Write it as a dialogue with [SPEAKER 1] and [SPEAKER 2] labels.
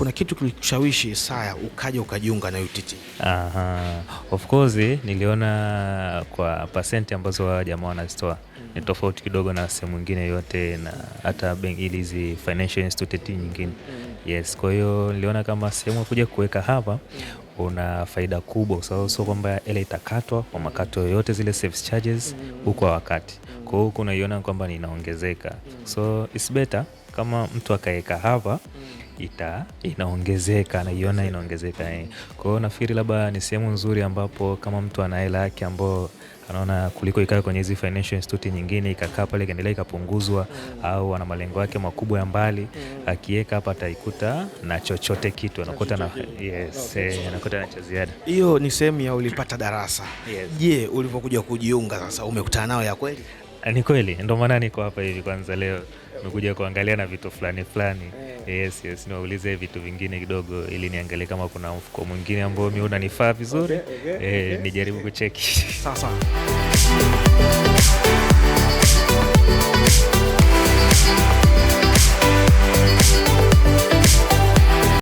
[SPEAKER 1] kuna kitu kilikushawishi Isaya ukaja ukajiunga na UTT?
[SPEAKER 2] Aha. Of course niliona kwa pasenti ambazo wa jamaa wanazitoa mm -hmm. ni tofauti kidogo na sehemu nyingine yote na hata benki hizi financial institute nyingine mm -hmm. Yes, kwa hiyo niliona kama sehemu kuja kuweka hapa mm-hmm. una faida kubwa kwa sababu sio kwamba ile itakatwa kwa makato mm-hmm. yoyote, zile service charges mm-hmm. huko wakati. Kwa hiyo huko unaiona kwamba inaongezeka so it's better kama mtu akaeka hapa ita inaongezeka, naiona inaongezeka eh. Kwa hiyo nafikiri labda ni sehemu nzuri ambapo kama mtu ana hela yake ambayo anaona kuliko ikaa kwenye hizi financial institute nyingine ikakaa pale ikaendelea ikapunguzwa, mm. au ana malengo yake makubwa ya mbali mm. akiweka hapa ataikuta na chochote kitu anakuta na, yes, okay. Eh, anakuta na cha ziada.
[SPEAKER 1] Hiyo ni sehemu ya ulipata darasa. Je, yes. ulivyokuja kujiunga sasa umekutana nao ya kweli?
[SPEAKER 2] Ni kweli, ndio maana niko hapa hivi kwanza leo nimekuja kuangalia na vitu fulani fulani eh. Yes, yes, niwaulize vitu vingine kidogo ili niangalie kama kuna mfuko mwingine ambao mi unanifaa vizuri. Okay, okay, eh, okay. Nijaribu kucheki sasa